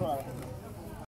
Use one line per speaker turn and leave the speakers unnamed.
try.